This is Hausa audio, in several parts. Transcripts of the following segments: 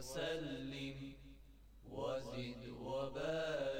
وسلم وزد وبارك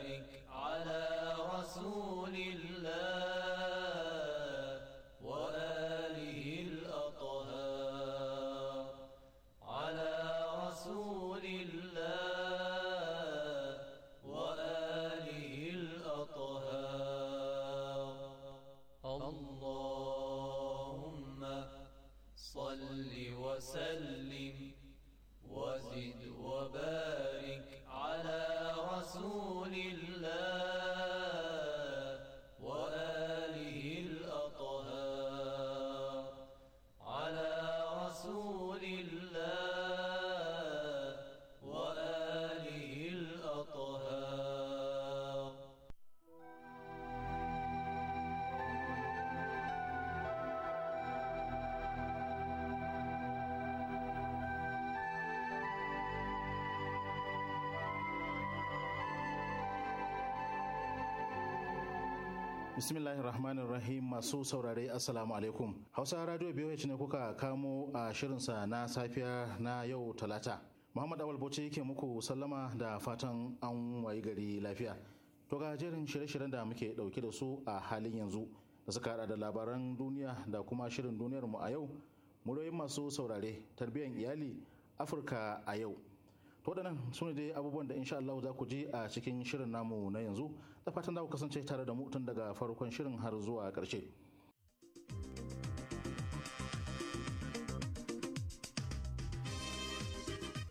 Bismillahir Rahmanir Rahim masu saurare Assalamu alaikum. Hausa Radio BOH ne kuka kamo a shirinsa na safiya na yau Talata. Muhammad Awal Bauchi yake muku sallama da fatan an wayi gari lafiya. To ga jerin shirye-shiryen da muke dauke da su a halin yanzu da suka hada da labaran duniya da kuma shirin duniyar mu a yau. Muryoyin masu saurare, tarbiyyar iyali, Afirka a yau. To waɗannan su ne dai abubuwan da insha Allah za ku ji a cikin shirin namu na yanzu da fatan za ku kasance tare da mu tun daga farkon shirin har zuwa ƙarshe.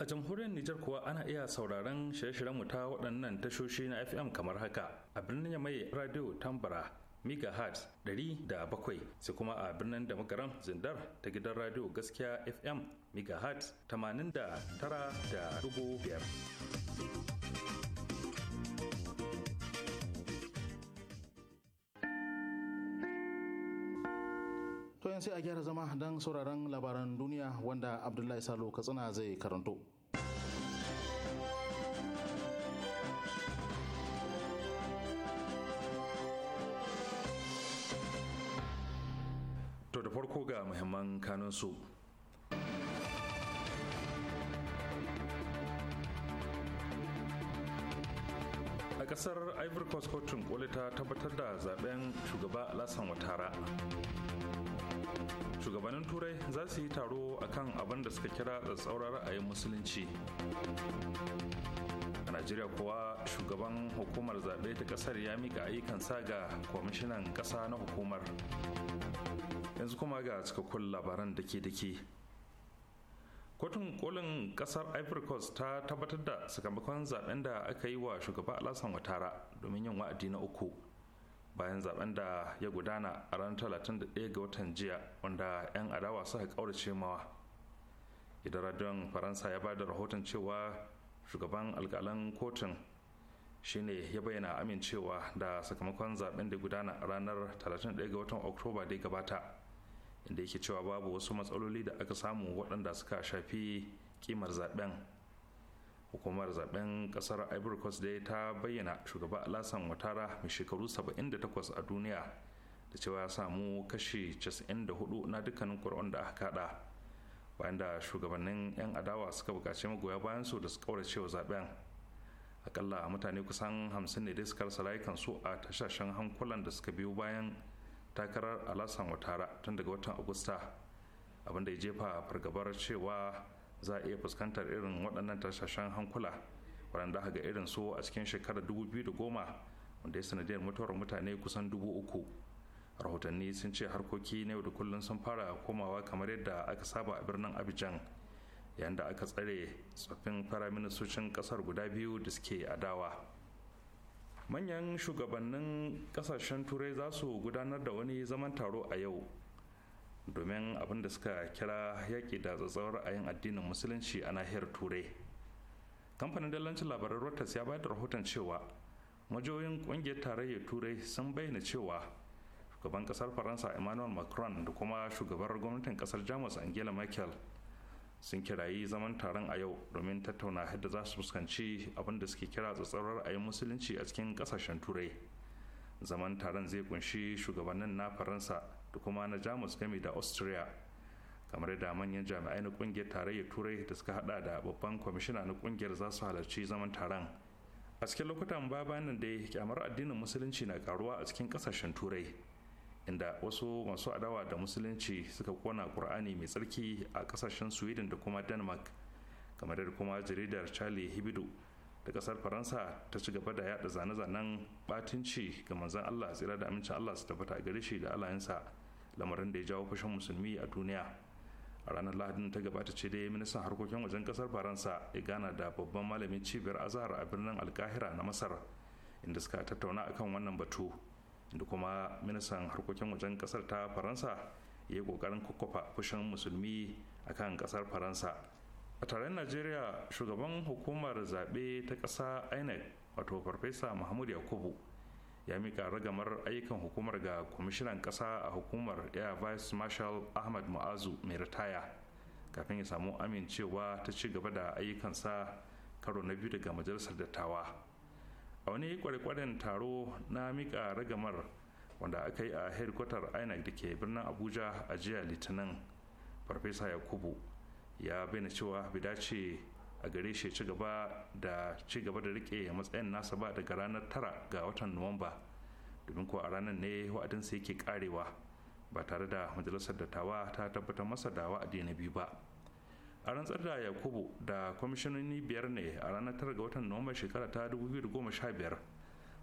A jamhuriyar Nijar kuwa ana iya sauraron shirye-shiryen mu ta waɗannan tashoshi na FM kamar haka a birnin mai radio Tambara megahertz 107 sai kuma a birnin da magaran zindar ta gidan radio gaskiya fm megahertz 89.5 nan sai a gyara zama don sauraron labaran duniya wanda Abdullahi Salo Katsina zai karanto. To da farko ga muhimman kanunsu. A kasar Ivory Coast kotun koli ta tabbatar da zaben shugaba Alassane Ouattara. shugabannin turai za su yi taro a kan abin da suka kira tsatsauran ra'ayin musulunci a najeriya kuwa shugaban hukumar zaɓe ta ƙasar ya mika ayyukansa ga kwamishinan ƙasa na hukumar yanzu kuma ga cikakkun labaran da da dake kotun kolin ƙasar ivory coast ta tabbatar da sakamakon zaɓen da aka yi wa shugaba alasan watara domin yin wa'adi na uku bayan zaben da ya gudana a ranar 31 ga watan jiya wanda 'yan adawa suka kaurace mawa idan radiyon faransa ya ba da rahoton cewa shugaban alkalan kotun shine ya bayyana amincewa da sakamakon zaben da gudana a ranar 31 ga watan oktoba da gabata inda yake cewa babu wasu matsaloli da aka samu waɗanda suka shafi kimar zaben hukumar zaben kasar ivory coast dai ta bayyana shugaba alasan watara mai shekaru 78 a duniya da cewa ya samu kashi 94 na dukkanin kur'an da aka kada bayan da shugabannin 'yan adawa suka bukaci magoya bayan su da su kaurace wa zaben akalla mutane kusan 50 ne dai suka rasa layukan su a tashashen hankulan da suka biyo bayan takarar alasan watara tun daga watan agusta abinda ya jefa fargabar cewa za a iya fuskantar irin waɗannan tashashen hankula waɗanda aka ga irin su a cikin shekarar da goma wanda ya sanadiyar mutuwar mutane kusan dubu uku rahotanni sun ce harkoki na yau da kullum sun fara komawa kamar yadda aka saba a birnin abidjan yayin da aka tsare tsoffin firaministocin ƙasar guda biyu da suke adawa manyan shugabannin ƙasashen turai za su gudanar da wani zaman taro a yau domin abin da suka kira yaƙi da a yin addinin musulunci a nahiyar turai kamfanin dallancin labarai reuters ya bayar da rahoton cewa majoyin ƙungiyar tarayyar turai sun bayyana cewa shugaban ƙasar faransa emmanuel macron da kuma shugabar gwamnatin ƙasar jamus angela merkel sun kirayi zaman taron a yau domin tattauna yadda za su fuskanci abin da suke kira a yin musulunci a cikin ƙasashen turai zaman taron zai kunshi shugabannin na faransa da kuma na jamus gami da austria kamar da manyan jami'ai na kungiyar tarayyar turai da suka hada da babban kwamishina na kungiyar za su halarci zaman taron a cikin lokutan baya nan dai kyamar addinin musulunci na karuwa a cikin kasashen turai inda wasu masu adawa da musulunci suka kona kur'ani mai tsarki a kasashen sweden da kuma denmark kamar da kuma jaridar charlie hibido da kasar faransa ta ci gaba da yada zane-zanen batunci ga manzan allah tsira da amincin allah su tabbata gare shi da alayensa lamarin da ya jawo fashin musulmi a duniya a ranar lahadin ta gabata ce dai ministan harkokin wajen kasar faransa ya gana da babban malamin cibiyar azhar a birnin alkahira na masar inda suka tattauna akan wannan batu da kuma ministan harkokin wajen kasar ta faransa ya yi kokarin kwakwafa fushin musulmi a kan kasar faransa a taron najeriya shugaban hukumar zaɓe ta ƙasa inec wato farfesa mahmud yakubu ya mika ragamar ayyukan hukumar ga kwamishinan ƙasa a hukumar air vice marshal ahmad ma'azu mai ritaya kafin ya samu amincewa ta ci gaba da ayyukansa karo na biyu daga majalisar dattawa a wani kwarekwaren taro na mika ragamar wanda aka yi a headquarter inec da ke birnin abuja a jiya litinin farfesa yakubu ya bayyana cewa bai dace a gare shi ci gaba da ci gaba da rike matsayin nasa ba daga ranar tara ga watan nuwamba domin kuwa a ranar ne wa'adinsa yake karewa ba tare da majalisar dattawa ta tabbatar masa da wa'adi na biyu ba a rantsar da yakubu da kwamishinoni biyar ne a ranar tara ga watan nuwamba shekara ta 2015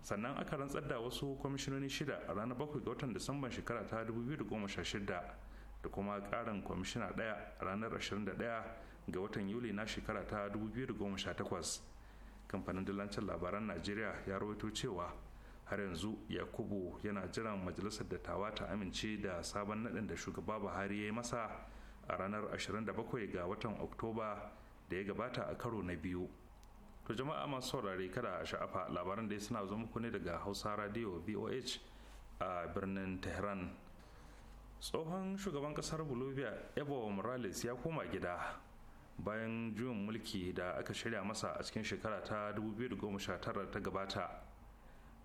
sannan aka rantsar da wasu kwamishinoni shida a ranar bakwai ga watan disamban shekara ta 2016 da kuma karin kwamishina daya a ranar ga watan yuli na shekara ta 2018 kamfanin dillancin labaran najeriya ya rawaito cewa har yanzu yakubu yana jiran majalisar dattawa ta amince da sabon nadin da shugaba buhari ya yi masa a ranar 27 ga watan oktoba da ya gabata a karo na biyu to jama'a masu saurare kada a sha'afa labaran da ya suna zo muku ne daga hausa radio voh a birnin tehran tsohon shugaban kasar bolivia evo morales ya koma gida bayan juyin mulki da aka shirya masa a cikin shekara ta 2019 ta gabata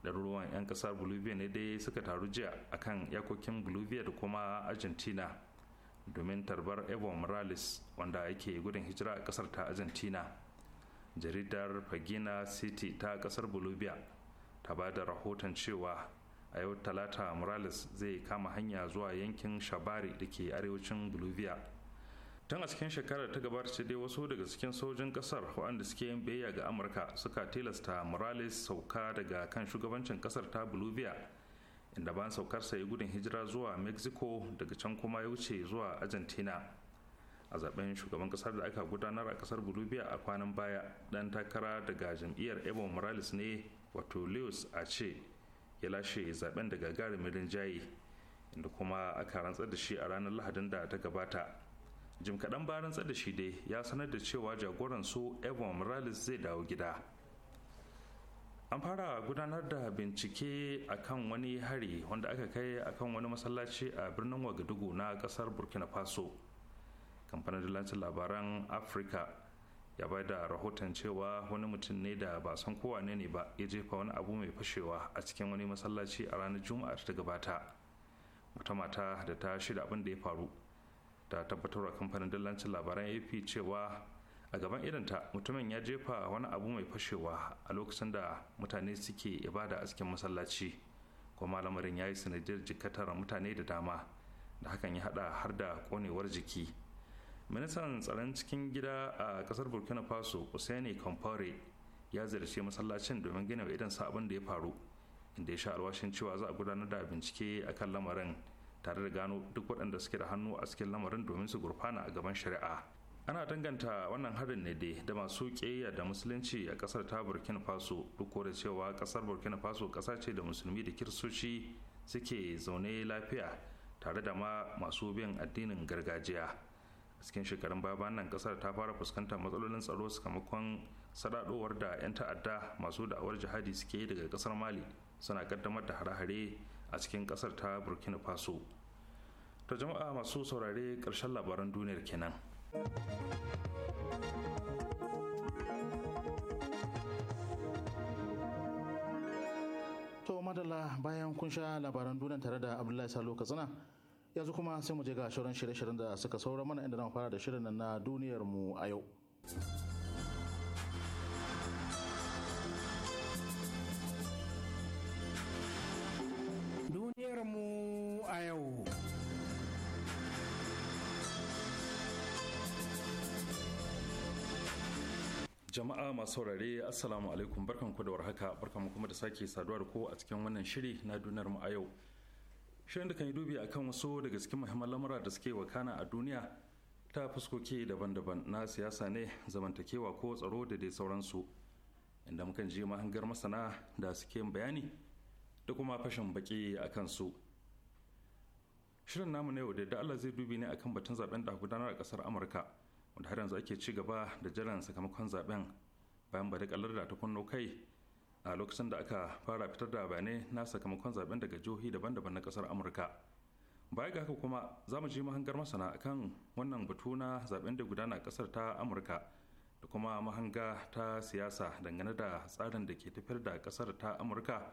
ɗaruruwan 'yan ƙasar bolivia ne dai suka taru jiya akan yakokin bolivia da kuma argentina domin tarbar evo morales wanda yake gudun hijira a ƙasar ta argentina jaridar pagina city ta ƙasar bolivia ta ba da rahoton cewa a yau talata morales zai kama hanya zuwa yankin shabari da ke arewacin bolivia tun a cikin shekarar ta gabata ce dai wasu daga cikin sojin kasar waɗanda suke yin biyayya ga amurka suka tilasta morales sauka daga kan shugabancin kasar ta bolivia inda bayan saukarsa ya gudun hijira zuwa mexico daga can kuma ya wuce zuwa argentina a zaben shugaban kasar da aka gudanar a kasar bolivia a kwanan baya dan takara daga jam'iyyar evo morales ne wato leos a ce ya lashe zaben da gagarumin rinjaye inda kuma aka rantsar da shi a ranar lahadin da ta gabata jim kaɗan bayan tsada shi dai ya sanar da cewa jagoran su evan morales zai dawo gida an fara gudanar da bincike a kan wani hari wanda aka kai a kan wani masallaci a birnin wagadugu na ƙasar burkina faso kamfanin dalancin labaran afirka ya bai da rahoton cewa wani mutum ne da ba san kowa ne ba ya jefa wani abu mai fashewa a cikin wani masallaci a ranar juma'a ta gabata wata mata da ta shida abin da ya faru ta tabbatarwa kamfanin dillancin labaran ap cewa a gaban idanta mutumin ya jefa wani abu mai fashewa a lokacin da mutane suke ibada a cikin masallaci kuma lamarin ya yi sanadiyar jikatar mutane da dama da hakan ya hada har da konewar jiki ministan tsaron cikin gida a kasar burkina faso usaini kamfore ya ziyarci masallacin domin gina wa idan sabon da ya faru inda ya sha alwashin cewa za a gudanar da bincike a kan lamarin tare da gano duk waɗanda suke da hannu a cikin lamarin domin su gurfana a gaban shari'a ana danganta wannan harin ne dai da masu ƙeya da musulunci a ƙasar ta burkina faso duk da cewa ƙasar burkina faso ƙasa ce da musulmi da kiristoci suke zaune lafiya tare da ma masu bin addinin gargajiya cikin shekarun baya nan kasar ta fara fuskantar matsalolin tsaro sakamakon sadadowar da 'yan ta'adda masu da'awar jihadi suke daga ƙasar mali suna kaddamar da hare-hare a cikin kasar ta burkina faso ta jama'a masu saurare ƙarshen labaran duniyar kenan to madalla bayan kun sha labaran duniya tare da abdullahi salo katsina yanzu kuma sai mu je ga shirin shirye-shiryen da suka saura mana inda na fara da shirin na duniyar mu a yau jama'a masu saurare assalamu alaikum barkan ku da warhaka barkan kuma da sake saduwa da ku a cikin wannan shiri na duniyar mu a yau shirin da kan yi dubi akan wasu daga cikin muhimman lamura da suke wakana a duniya ta fuskoki daban-daban na siyasa ne zamantakewa ko tsaro da dai sauransu inda mukan je mahangar masana da suke bayani da kuma fashin baki a kansu shirin namu na yau da Allah zai dubi ne akan batun zaben da gudanar a kasar amurka wanda har yanzu ake ci gaba da jiran sakamakon zaben bayan ba da da ta kunno kai a lokacin da aka fara fitar da bayanai na sakamakon zaben daga jihohi daban-daban na kasar amurka baya ga haka kuma za mu ji mahangar masana kan wannan batu na zaben da gudana a kasar ta amurka da kuma mahanga ta siyasa dangane da tsarin da ke tafiyar da kasar ta amurka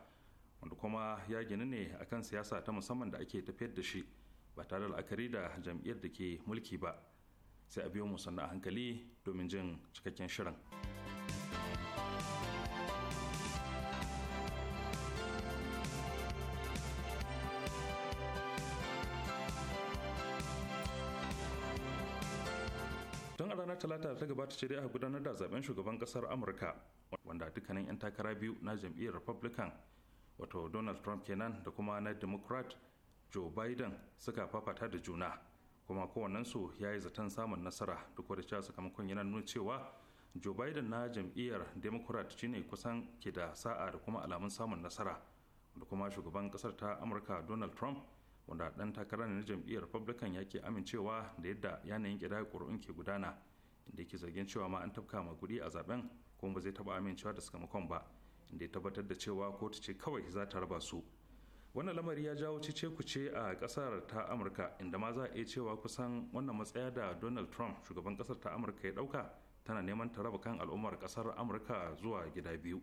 wanda kuma ya gini ne akan siyasa ta musamman da ake tafiyar da shi ba tare da la'akari da jam'iyyar da ke mulki ba sai a biyo mu sannu a hankali domin jin cikakken shirin. tun a ranar talata da ta gabata ce dai aka gudanar da zaben shugaban kasar amurka wanda dukkanin 'yan takara biyu na jam'iyyar republican wato donald trump kenan da kuma na democrat joe biden suka fafata da juna kuma kowannensu ya yi zaton samun nasara duk da cewa sakamakon yana nuna cewa joe biden na jam'iyyar democrat shine kusan ke da sa'a da kuma alamun samun nasara da kuma shugaban kasar ta amurka donald trump wanda dan takara na jam'iyyar republican ya ke amincewa da yadda yanayin kidaya ƙuri'un ke gudana da yake zargin cewa ma an tafka ma kuɗi a zaben kuma ba zai taba amincewa da sakamakon ba da ya tabbatar da cewa kotu ce kawai za ta raba su wannan lamari ya jawo cece kuce a kasar ta amurka inda ma za a iya cewa kusan wannan matsaya da donald trump shugaban kasar ta amurka ya dauka tana neman ta raba kan al'ummar kasar amurka zuwa gida biyu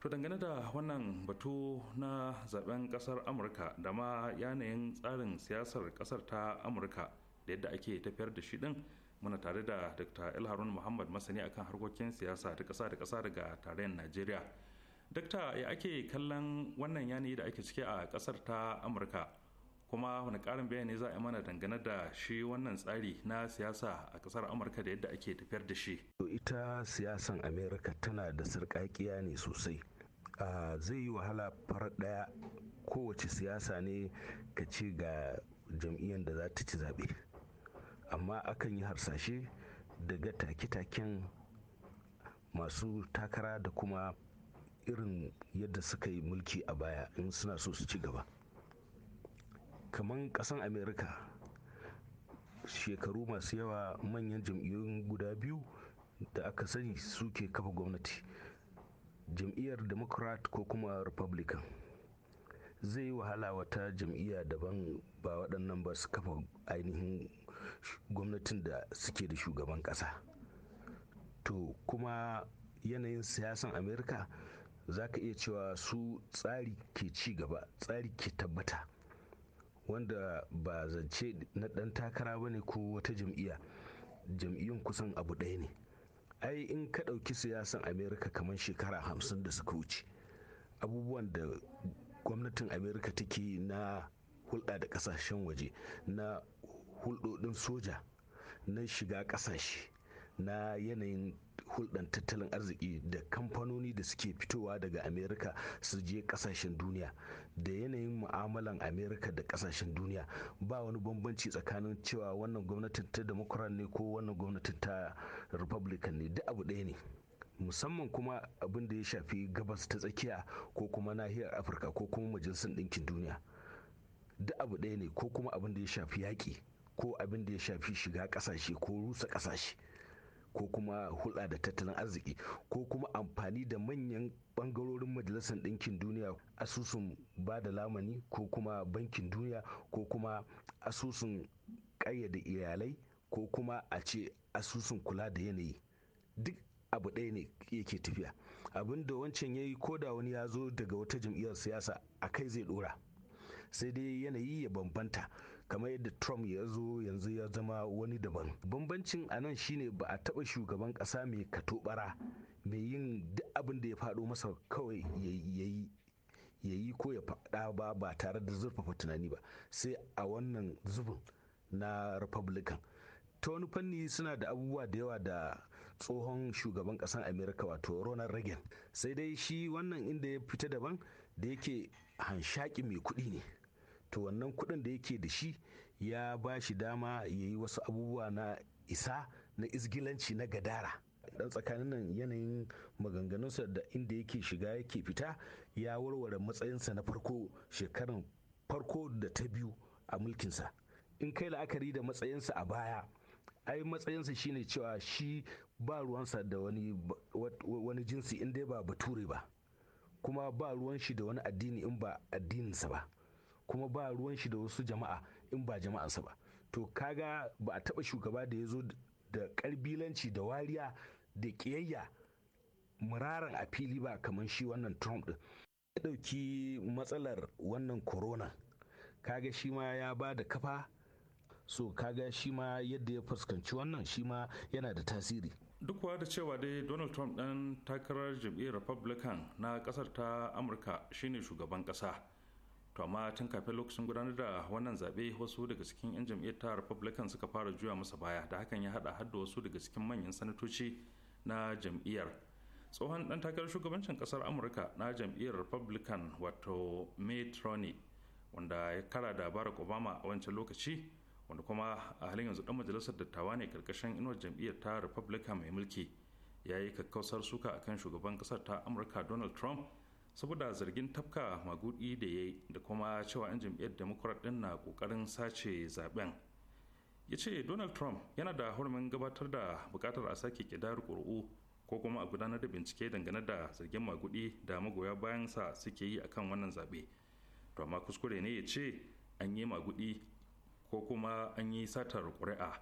to dangane da wannan batu na zaben kasar amurka da ma yanayin tsarin siyasar kasar ta amurka da yadda ake tafiyar da shi din muna tare da dr ilharun muhammad masani akan harkokin siyasa ta kasa da kasa daga tarayyar najeriya dakta ya ake kallon wannan yanayi da ake ciki a kasar ta amurka kuma wani karin bayani za a mana dangane da shi wannan tsari na siyasa a kasar amurka da yadda ake tafiyar da shi to ita siyasan amerika tana da sarƙaƙiya ne sosai zai yi wahala far ɗaya kowace siyasa ne ka ce ga jam'iyyar da za ta ci zaɓe amma akan yi harsashe daga take-taken masu takara da kuma irin yadda suka yi mulki a baya in suna so su ci gaba kamar kasan america shekaru masu yawa manyan jam'iyyun guda biyu da aka sani suke kafa gwamnati jam'iyyar democrat ko kuma republican zai yi wahala wata jam'iyya daban ba waɗannan ba su kafa ainihin gwamnatin da suke da shugaban ƙasa to kuma yanayin siyasan america za ka iya cewa su tsari ke ci gaba tsari ke tabbata wanda ba zance na ɗan takara ba ne ko wata jam'iyya jam'iyyun kusan abu ɗaya ne ai in ka ɗauki siyasan amerika kamar shekara hamsin da suka wuce abubuwan da gwamnatin amerika take na hulɗa da ƙasashen waje na hulɗoɗin soja na shiga ƙasashe na yanayin hulɗan tattalin arziki da kamfanoni da suke fitowa daga amerika su je kasashen duniya da yanayin mu'amalan amerika da kasashen duniya ba wani bambanci tsakanin cewa wannan gwamnatin ta democrat ne ko wannan gwamnatin ta republican ne duk abu ɗaya ne musamman kuma abin da ya shafi gabas ta tsakiya ko kuma nahiyar afirka ko kuma majalisar ɗinkin duniya duk abu ɗaya ne ko kuma abin da ya shafi yaƙi ko abin da ya shafi shiga ƙasashe ko rusa ƙasashe ko kuma hulɗa da tattalin arziki ko kuma amfani da manyan bangarorin majalisar ɗinkin duniya asusun ba da lamani ko kuma bankin duniya ko kuma asusun ƙayyade iyalai ko kuma a ce asusun kula da yanayi duk abu ɗaya ne yake tafiya abin da wancan ya yi da wani ya zo daga wata jam'iyyar siyasa a kai zai ɗora sai dai yanayi ya bambanta kamar yadda Trump ya zo yanzu ya zama wani daban. Bambancin a nan shine ba a taba shugaban ƙasa mai katobara mai yin duk abin da ya faɗo masa kawai ya yi ko ya faɗa ba ba tare da zurfafa tunani ba sai a wannan zubin na republican ta wani fanni suna da abubuwa da yawa da tsohon shugaban ƙasar america wato ronald reagan sai dai shi wannan inda ya fita daban da yake hanshaƙi mai kuɗi ne to wannan kuɗin da yake da shi ya ba shi dama ya yi wasu abubuwa na isa na izgilanci na gadara dan tsakanin nan yanayin maganganunsa da inda yake shiga yake fita ya warware matsayinsa na farko shekaran farko da ta biyu a mulkinsa in kai la'akari da matsayinsa a baya ai matsayinsa shine cewa shi ba ruwansa da wani, wani jinsi inda dai ba bature ba kuma ba ruwan shi da wani addini in ba addininsa ba kuma ba ruwan shi da wasu jama'a in ba jama'ansa ba to kaga ba a taba shugaba da ya zo da karbilanci da wariya da ƙiyayya muraran a fili ba kamar shi wannan trump din ya ɗauki matsalar wannan corona kaga shi ma ya ba da kafa so kaga shi ma yadda ya fuskanci wannan shi ma yana da tasiri duk da cewa dai donald trump ɗan takarar jam'iyyar republican na ƙasar ta amurka shine shugaban ƙasa to amma tun kafin lokacin gudanar da wannan zaɓe wasu daga cikin 'yan jam'iyyar ta republican suka fara juya masa baya da hakan ya haɗa hadda wasu daga cikin manyan sanatoci na jam'iyyar tsohon dan takarar shugabancin kasar amurka na jam'iyyar republican wato mitt romney wanda ya kara da barack obama a wancan lokaci wanda kuma a halin yanzu dan majalisar dattawa ne karkashin inuwar jam'iyyar ta republican mai mulki ya yi kakkausar suka akan shugaban ƙasar ta amurka donald trump saboda zargin tafka magudi da ya yi da kuma cewa 'yan jam'iyyar democrat din na kokarin sace zaben ya ce donald trump yana da hurumin gabatar da bukatar a sake kidar ƙuri'u ko kuma a gudanar da bincike dangane da zargin magudi da magoya bayan sa suke yi akan wannan zaɓe to amma kuskure ne ya ce an yi magudi ko kuma an yi satar ƙuri'a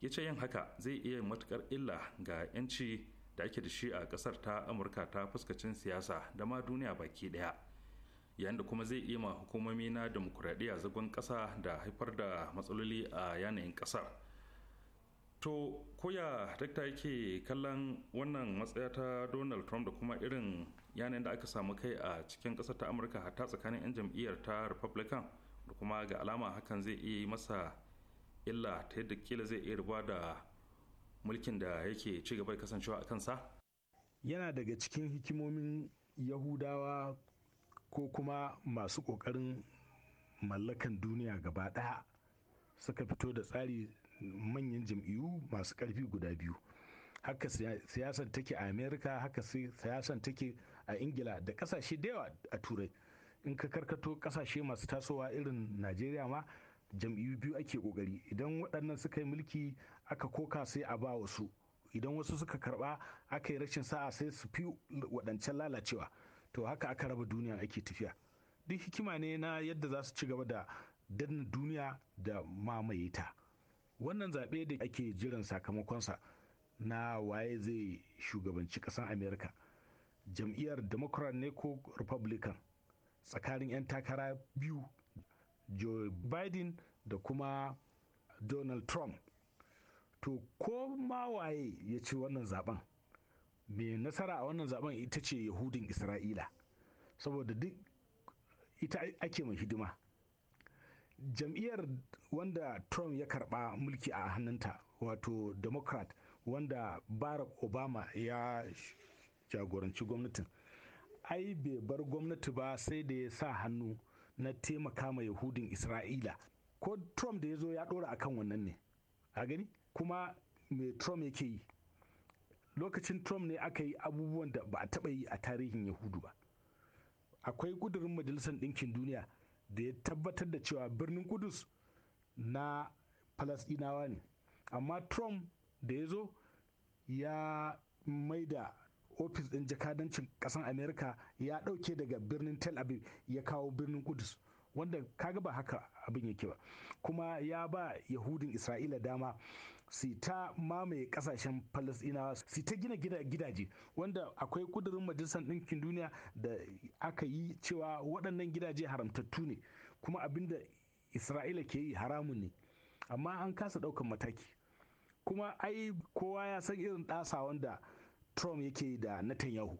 ya ce yin haka zai iya matukar illa ga 'yanci da ake da shi a kasar ta amurka ta fuskacin siyasa da ma duniya baki daya yayin da kuma zai iya ma hukumomi na demokuraɗiyya zagon ƙasa da haifar da matsaloli a yanayin ƙasar to koya dakta yake kallon wannan matsaya ta donald trump da kuma irin yanayin da aka samu kai a cikin ƙasar ta amurka hatta tsakanin 'yan jam'iyyar ta republican da kuma ga alama hakan zai iya masa illa ta yadda kila zai iya riba da mulkin da yake ci gaba kasancewa a kansa yana daga cikin hikimomin yahudawa ko kuma masu ƙoƙarin mallakan duniya gaba ɗaya suka fito da tsari manyan jam'iyyu masu ƙarfi guda biyu haka siyasan take a amerika haka siyasan take a ingila da ƙasashe da yawa a turai in ka karkato ƙasashe masu tasowa irin najeriya ma jam'iyyu biyu ake kokari idan waɗannan suka yi mulki aka koka sai a ba wasu idan wasu suka karɓa aka yi rashin sa'a sai su fi waɗancan lalacewa to haka aka raba duniya ake tafiya duk hikima ne na yadda za su ci gaba da danna duniya da mamaye ta wannan zaɓe da ake jiran sakamakonsa na waye zai shugabanci ƙasar america jam'iyyar democrat ne ko republican tsakanin 'yan takara biyu joe biden da kuma donald trump to ko ma waye ya ci wannan zaben mai nasara a wannan zaben ita ce yahudin isra'ila saboda duk ita ake mai hidima jam'iyyar wanda trump ya karba mulki a hannunta wato democrat wanda barack obama ya jagoranci gwamnatin ai bai bar gwamnati ba sai da ya sa hannu na taimaka ma yahudin isra'ila ko trump da ya zo ya ɗora akan wannan ne a gani kuma me trump yake yi lokacin trump ne aka yi abubuwan da ba a taɓa yi a tarihin yahudu ba akwai ƙudurin majalisar ɗinkin duniya da ya tabbatar da cewa birnin kudus na falasɗinawa ne amma trump da ya zo ya maida ofis ɗin jakadancin ƙasar amerika ya ɗauke daga birnin tel aviv ya kawo birnin kudus wanda kaga ba haka abin yake ba kuma ya ba yahudin isra'ila dama su ta mamaye ƙasashen falasɗinawa su ta gina gidaje wanda akwai kudurin majalisar ɗinkin duniya da aka yi cewa waɗannan gidaje haramtattu ne kuma abin da isra'ila ke yi haramun ne amma an kasa ɗaukan mataki kuma ai kowa ya san irin ɗasa wanda trump yake da netanyahu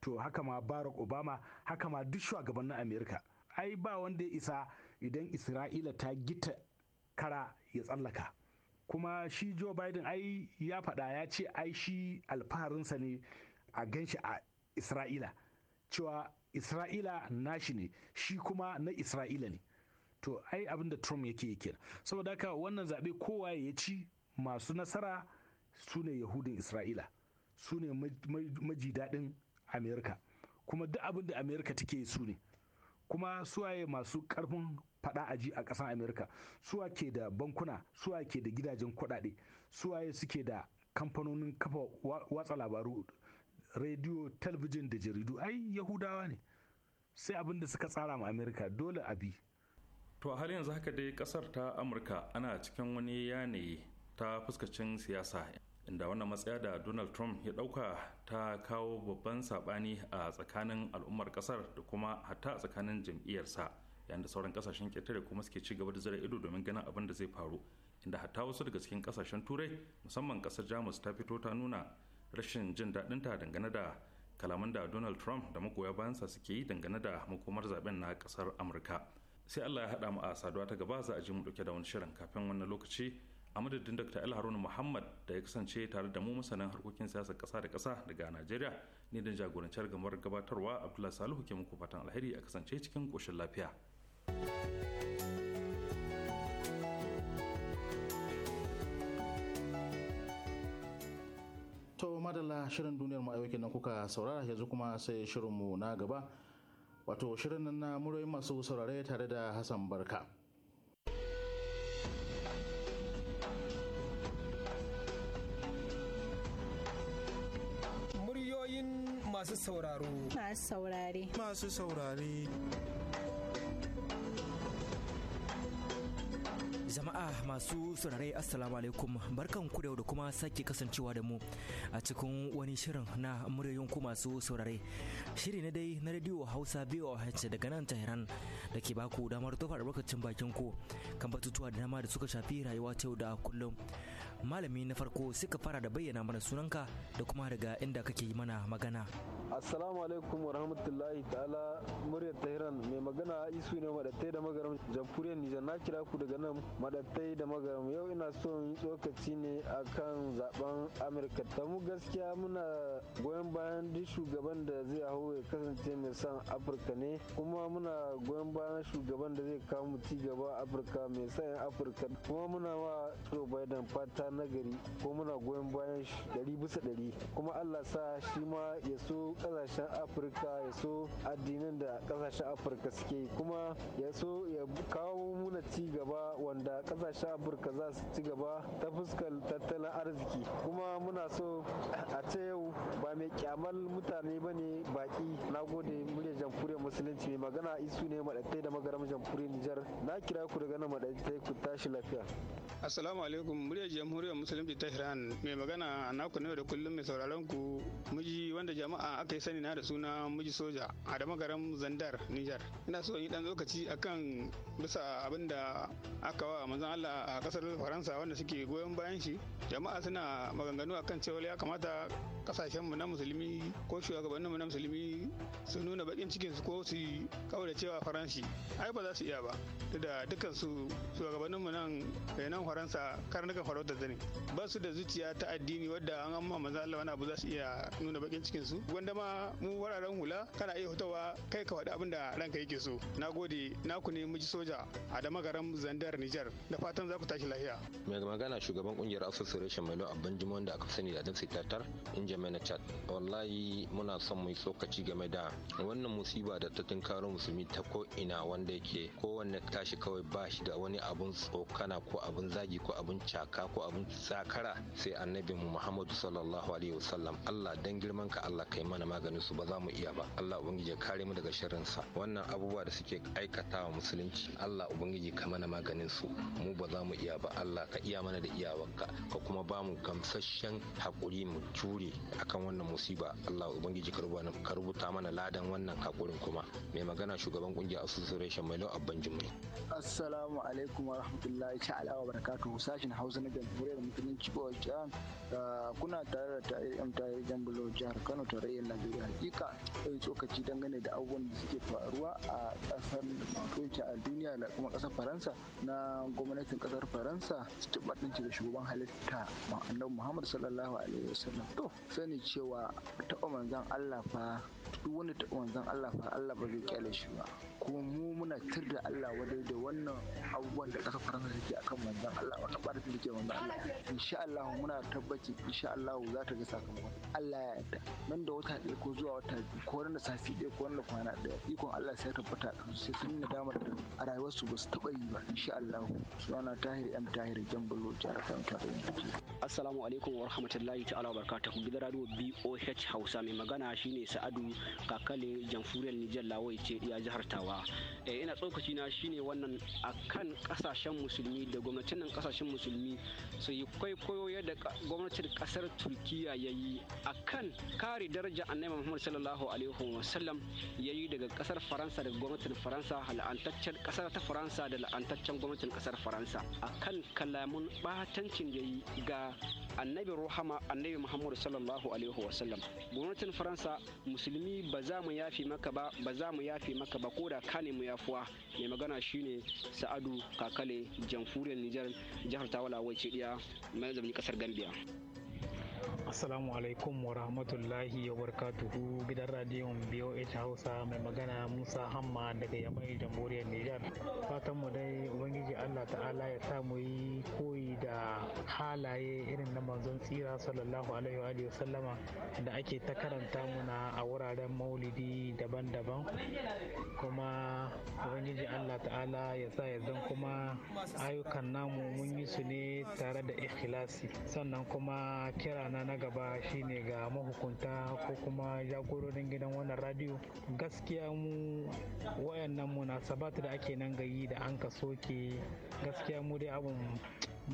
to haka ma barack obama haka ma duk shugabannin america ai ba wanda ya isa idan isra'ila ta gita kara ya tsallaka kuma shi joe biden ai ya faɗa ya ce ai shi alfaharinsa ne a ganshi a isra'ila cewa isra'ila nashi ne shi kuma na isra'ila ne to ai abin da trump yake yake saboda haka wannan zaɓe kowa ya ci masu nasara su ne yahudin isra'ila su ne maji daɗin amerika kuma duk abin da amerika take su ne kuma suwaye masu ƙarfin faɗa aji a ƙasar amerika suwa ke da bankuna suwa ke da gidajen kuɗaɗe suwaye suke da kamfanonin kafa watsa labaru rediyo talabijin da jaridu ai yahudawa ne sai abin da suka tsara ma amerika dole abi to a har yanzu haka dai ƙasar ta amurka ana cikin wani yanayi ta fuskacin siyasa inda wannan matsaya da donald trump ya dauka ta kawo babban sabani a tsakanin al'ummar kasar da kuma hatta a tsakanin jam'iyyarsa yayin da sauran kasashen ƙetare kuma suke ci gaba da zira ido domin ganin abin da zai faru inda hatta wasu daga cikin kasashen turai musamman kasar jamus ta fito ta nuna rashin jin daɗinta dangane da kalaman da donald trump da magoya bayansa suke yi dangane da makomar zaben na kasar amurka sai allah ya haɗa mu a saduwa ta gaba za a ji mu ɗauke da wani shirin kafin wannan lokaci a madadin dr el haruna muhammad da ya kasance tare da mu masanin harkokin siyasar kasa da kasa daga najeriya ne don jagorancar gamar gabatarwa abdullahi salihu ke muku fatan alheri a kasance cikin koshin lafiya to madalla shirin duniyar mu ayyukan nan kuka saurara yanzu kuma sai shirinmu na gaba wato shirin nan na muryoyin masu saurare tare da hassan barka masu sauraro masu saurare masu saurare jama'a masu saurare assalamu alaikum barkan ku da kuma sake kasancewa da mu a cikin wani shirin na muryoyin ku masu saurare shiri na dai na radio hausa biyu a daga nan tehran da ke baku damar tofa albarkacin bakin ku kan batutuwa da dama da suka shafi rayuwa ta yau da kullum malami na farko suka fara da bayyana mana sunanka da kuma daga inda kake yi mana magana assalamu alaikum rahmatullahi ta'ala muryar tahiran mai magana isu ne madattai da magaram jamhuriyar nijar na kira ku daga nan madattai da magaram yau ina son yi tsokaci ne akan zaben amurka ta mu gaskiya muna goyon bayan duk shugaban da zai hau ya kasance mai son afirka ne kuma muna goyon bayan shugaban da zai kawo mu ci gaba afirka mai son afirka kuma muna wa joe biden fata na gari ko muna goyon bayan shi ɗari bisa ɗari kuma Allah sa shi ma ya so kasashen Afirka ya so addinan da kasashen Afirka suke kuma ya so ya kawo muna ci gaba wanda kasashen Afirka za su ci gaba ta fuskar tattalin arziki kuma muna so a ba mai kyamar mutane ba ne baki na gode muryar jamhuriyar musulunci mai magana isu ne maɗatai da magaram jamfuri nijar na kira ku daga nan maɗatai ku tashi lafiya assalamu alaikum muryar jamhuriyar musulunci ta iran mai magana na ku da kullum mai sauraron ku miji wanda jama'a aka yi sani na da suna miji soja a da magaram zandar nijar ina so yi dan lokaci akan bisa abin da aka wa manzon Allah a kasar Faransa wanda suke goyon bayan shi jama'a suna maganganu akan cewa ya kamata kasashen mu na musulmi ko shugabannin mu na musulmi su nuna bakin cikin su ko su kaura cewa faranshi ai ba za su iya ba da dukkan su shugabannin mu nan nan faransa karnukan farauta zane ba su da zuciya ta addini wadda an amma manzon Allah wani abu za su iya nuna bakin cikin su wanda ma mu wararen hula kana iya hutawa kai ka faɗi abin da ranka yake so nagode naku ne ji soja Abuja a da magaran zandar Nijar da fatan za ku tashi lafiya Mai magana shugaban kungiyar Association Mailo Abban Jimo wanda aka sani da Tatar in Jamaica Chat. Wallahi muna son mu tsokaci game da wannan musiba da ta tunkaro musulmi ta ko ina wanda yake kowanne tashi kawai ba shi da wani abun tsokana ko abun zagi ko abun caka ko abun tsakara sai annabi mu Muhammadu sallallahu alaihi wasallam Allah dan girman ka Allah kai mana maganin su ba za mu iya ba. Allah ubangiji ya kare mu daga shirin sa. Wannan abubuwa da suke aikata wa musulunci Allah ubangiji ka mana maganin su mu ba za mu iya ba Allah ka iya mana da iyawanka ka kuma ba mu gamsasshen hakuri mu jure akan wannan musiba Allah ubangiji ka rubuta mana ladan wannan hakurin kuma mai magana shugaban kungiyar association mai lau abban jimai assalamu alaikum wa rahmatullahi ta'ala wa barakatuhu sashin hausa na jamhuriyar musulunci ko jihar uh, kuna tare da tarihin um, tarihin bulo jihar kano tarayyar najeriya hakika sai tsokaci dangane da abubuwan da suke faruwa a kasar turki a duniya tarayya da kuma ƙasar faransa na gwamnatin ƙasar faransa su ɗinci da shugaban halitta annabi muhammad sallallahu alaihi wasallam to sani cewa taɓa manzon allah fa duk wanda ta wanzan Allah fa Allah ba zai kyale shi ba ko mu muna tur da Allah wadai da wannan abubuwan da kasar Faransa take akan wanzan Allah wata ɓarfi da ke manzan Allah insha Allah muna tabbaci insha Allah za ta ga sakamakon Allah ya yarda nan da wata ɗaya ko zuwa wata biyu ko wanda safi ɗaya ko wanda kwana ɗaya ikon Allah sai tabbata a sai sun damar nadamar da a rayuwarsu ba su taɓa yi ba insha Allah suna Tahir M Tahir Jambalo jihar Kano ta Assalamu alaikum wa rahmatullahi ta'ala wa barakatuhu gidan radio BOH Hausa mai magana shine Sa'adu kakale jamhuriyar nijar lawai ce ya jihar tawa eh, ina tsokaci na shine wannan akan kasashen musulmi da gwamnatin nan kasashen musulmi su yi kwaikwayo yadda gwamnatin kasar turkiya ya yi akan kare daraja annabi muhammad sallallahu alaihi wasallam ya yi daga kasar faransa daga gwamnatin faransa la'antaccen kasar ta faransa da la'antaccen gwamnatin kasar faransa akan kalamun batancin da yi ga annabi ruhama annabi muhammad sallallahu alaihi wasallam gwamnatin faransa musulmi laifi ba za mu yafi maka ba ba za mu yafi maka ba ko da ka ne mu yafuwa mai magana shine sa'adu kakale jamhuriyar nijar jihar tawala wai ce mai mai kasar gambia Assalamu alaikum wa rahmatullahi wa barakatuhu gidan radiyon BOH Hausa mai magana Musa Hamma daga Yamai Jamhuriyar Nijar. Fatan mu dai Ubangiji Allah Ta'ala ya sa mu yi koyi da halaye irin na manzon tsira sallallahu alaihi wa sallama da ake ta karanta muna a wuraren maulidi daban-daban. Kuma Ubangiji Allah Ta'ala ya sa ya zan kuma ayyukan namu mun yi su ne tare da ikhlasi sannan kuma kira na gaba shine ga mahukunta ko kuma jagororin gidan wannan radio gaskiya mu wayannan munasabat da ake nan gayi da an ka soke gaskiya mu dai abun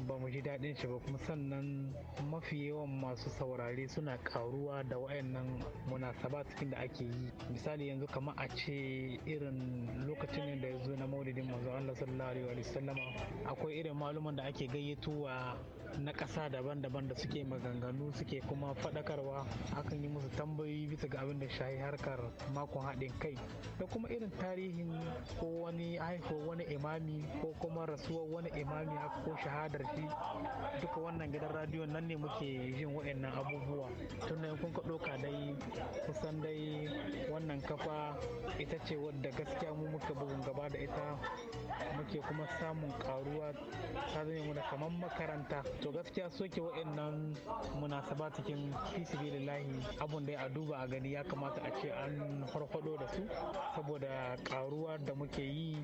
ba mu ji daɗin shi ba kuma sannan mafi yawan masu saurare suna karuwa da wayannan munasaba cikin da ake yi misali yanzu kamar a ce irin lokacin da ya na maulidin manzo Allah sallallahu alaihi wa akwai irin maluman da ake gayyatowa na ƙasa daban-daban da suke maganganu suke kuma faɗakarwa akan yi musu tambayoyi bisa ga abin da shahi harkar makon haɗin kai da kuma irin tarihin ko wani haihuwar wani imami ko kuma rasuwar wani imami haka ko shahadar shi duka wannan gidan radiyo nan ne muke yin wa'annan abubuwa tun da kun ka ɗauka dai kusan dai wannan kafa ita ce wadda gaskiya mu muka bugun gaba da ita muke kuma samun ƙaruwa ta zama da kamar makaranta to gaskiya soke wa'annan munasaba cikin lillahi abun da a duba a gani ya kamata a ce an farfado da su saboda karuwa da muke yi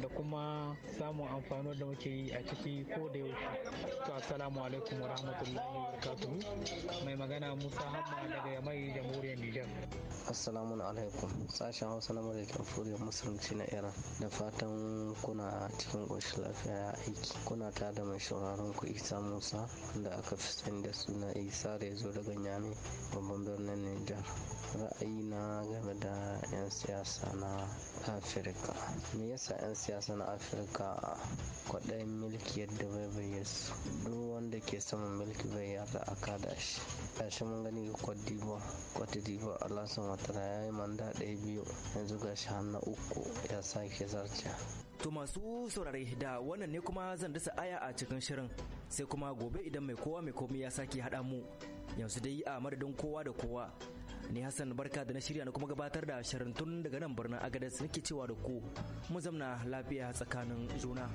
da kuma samun amfani da muke yi a ciki ko da yaushe to assalamu alaikum wa rahmatullahi wa barakatuhu mai magana musa hamma daga yamai jamhuriyar nijar assalamu alaikum sashen hausa na murya furiyar musulunci na iran da fatan kuna cikin ƙoshin lafiya aiki kuna tada da mai sauraron ku isa musa da aka fi sani da suna isa da ya zo daga nyame babban birnin nijar na game da 'yan siyasa na afirka me yasa 'yan siyasa na afirka kwaɗayin milki yadda bai bayyana duk wanda ke saman milki bai yarda a kada shi gashi mun gani ga kwadiba kwadiba allah ya yi manda ɗaya biyu yanzu gashi har na uku ya sake zarce To masu saurare da wannan ne kuma zan dasa aya a cikin shirin sai kuma gobe idan mai kowa mai komai ya sake haɗa mu yanzu dai a madadin kowa da kowa. Ni Hassan barka da na shirya na kuma gabatar da shirin tun daga nan birnin Agadez nake cewa da ku mu zamna lafiya tsakanin juna.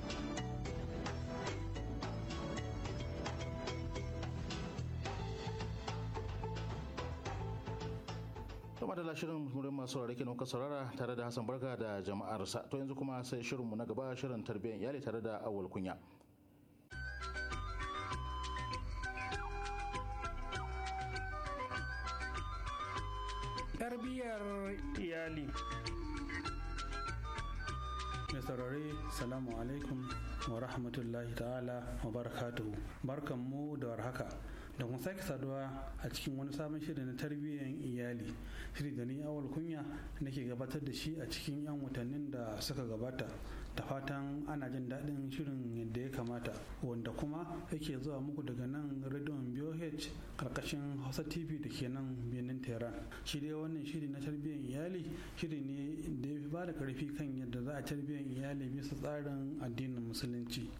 madalla shirin murin masu rarraki na kuka tare da Hassan Barka da jama'arsa to yanzu kuma sai shirin mu na gaba shirin tarbiyyar iyali tare da Awal Kunya tarbiyyar iyali mai saurari salamu alaikum wa rahmatullahi ta'ala wa barakatuhu barkan mu da warhaka da kuma sake saduwa a cikin wani sabon shirin na tarbiyyar iyali shiri da ni awal kunya nake gabatar da shi a cikin 'yan watannin da suka gabata da fatan ana jin daɗin shirin yadda ya kamata wanda kuma yake zuwa muku daga nan rediyon boh karkashin hausa tv da ke nan birnin tehran shi dai wannan shiri na tarbiyyar iyali shiri ne da ya fi ba da karfi kan yadda za a tarbiyyar iyali bisa tsarin addinin musulunci.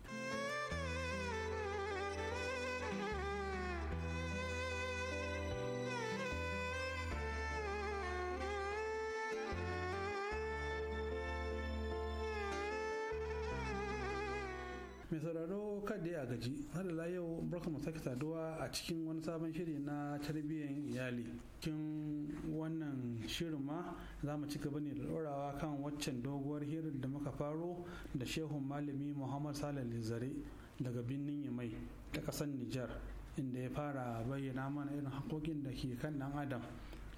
sauraro da ya gaji har yau barka sake saduwa a cikin wani sabon shiri na tarbiyyar iyali cikin wannan shirin ma za mu ci gaba ne da ɗorawa kan waccan doguwar hirar da muka faro da shehun malami muhammad salih zare daga birnin yamai ta ƙasar nijar inda ya fara bayyana mana irin hakokin da ke kan ɗan adam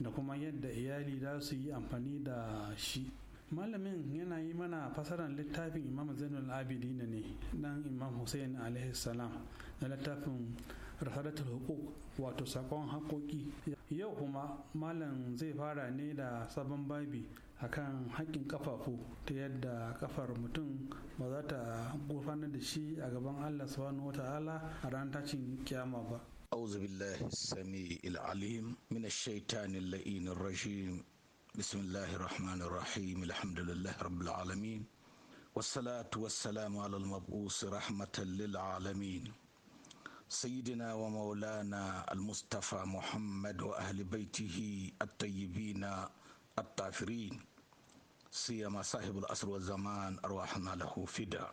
da kuma yadda iyali za su yi amfani da shi malamin yana yi mana fasarar littafin imam zainul abidin ne dan imam hussein alaihi salam na littafin rasaratul hukuk wato sakon haƙoƙi yau kuma malam zai fara ne da sabon babi a kan haƙƙin kafafu ta yadda kafar mutum ba za ta gurfanar da shi a gaban allah subhanahu ta'ala a ran tacin kyama ba أعوذ بالله السميع العليم من الشيطان اللئيم الرجيم بسم الله الرحمن الرحيم الحمد لله رب العالمين والصلاة والسلام على المبعوث رحمة للعالمين سيدنا ومولانا المصطفى محمد وأهل بيته الطيبين الطافرين سيما صاحب الأسر والزمان أرواحنا له فدا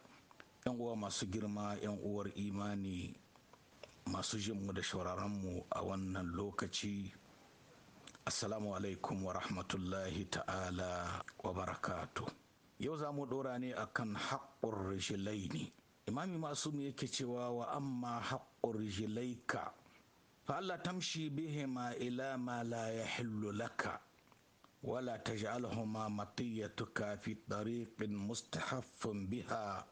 ‘yan uwa masu girma ‘yan uwar imani masu jinmu da shawararmu a wannan lokaci Assalamu alaikum wa rahmatullahi ta'ala wa barakatu. Yau za mu ɗora ne kan haƙƙun ne. Imami masu yake cewa wa amma haƙƙun rijilaika. Fa Allah tamshi bihima ila ma la hillu laka wala taj'alhuma matiyatuka fi ɗariƙin mustahaffun biha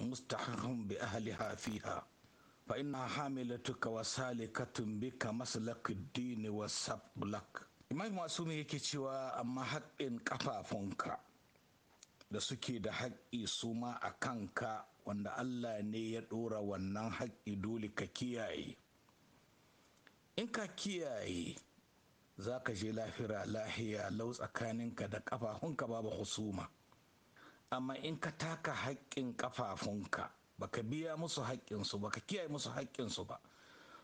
mustahaffun bi ahliha fiha fa inna hamilatuka wa salikatun bika maslakid dini wa sablak imam masu yake cewa amma haƙƙin ƙafafunka da suke da haƙƙi su ma a kanka wanda allah ne ya ɗora wannan haƙƙi dole ka kiyaye in ka kiyaye za ka je lafira lahiya lau tsakaninka da ƙafafunka babu husuma amma in ka taka haƙƙin ƙafafunka baka biya musu haƙƙinsu baka kiyaye musu haƙƙinsu ba